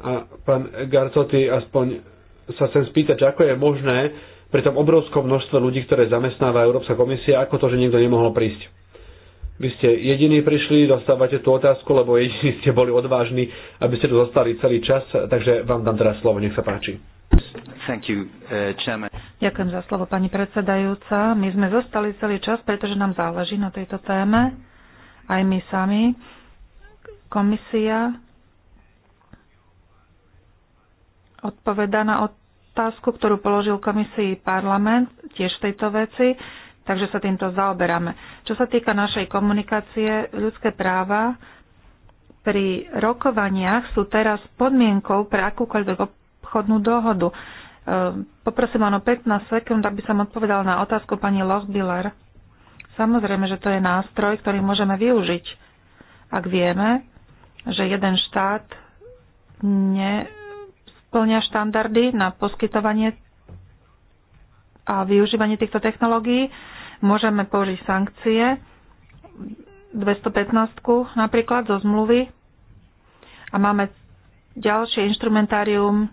A pán Garcoty, aspoň sa chcem spýtať, ako je možné pri tom obrovskom množstve ľudí, ktoré zamestnáva Európska komisia, ako to, že niekto nemohol prísť. Vy ste jediní prišli, dostávate tú otázku, lebo jediní ste boli odvážni, aby ste tu zostali celý čas, takže vám dám teraz slovo, nech sa páči. Thank you, uh, Ďakujem za slovo, pani predsedajúca. My sme zostali celý čas, pretože nám záleží na tejto téme, aj my sami. Komisia odpoveda na otázku, ktorú položil komisii parlament, tiež v tejto veci, takže sa týmto zaoberáme. Čo sa týka našej komunikácie, ľudské práva pri rokovaniach sú teraz podmienkou pre akúkoľvek obchodnú dohodu. E, poprosím o 15 sekúnd, aby som odpovedala na otázku pani Lochbiller. Samozrejme, že to je nástroj, ktorý môžeme využiť, ak vieme, že jeden štát splňa štandardy na poskytovanie a využívanie týchto technológií, môžeme použiť sankcie, 215 napríklad zo zmluvy a máme ďalšie instrumentárium,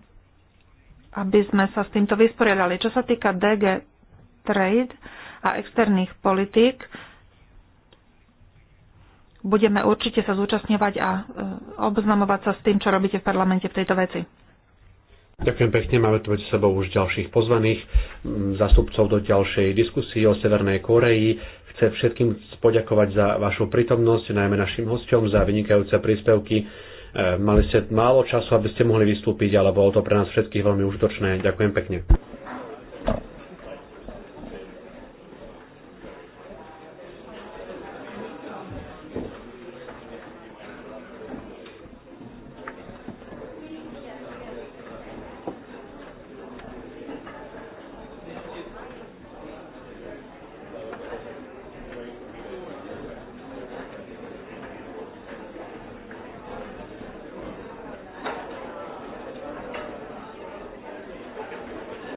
aby sme sa s týmto vysporiadali. Čo sa týka DG Trade a externých politík, budeme určite sa zúčastňovať a e, obznamovať sa s tým, čo robíte v parlamente v tejto veci. Ďakujem pekne, máme tu medzi sebou už ďalších pozvaných zástupcov do ďalšej diskusie o Severnej Koreji. Chcem všetkým poďakovať za vašu prítomnosť, najmä našim hostom za vynikajúce príspevky. E, mali ste málo času, aby ste mohli vystúpiť, ale bolo to pre nás všetkých veľmi užitočné. Ďakujem pekne.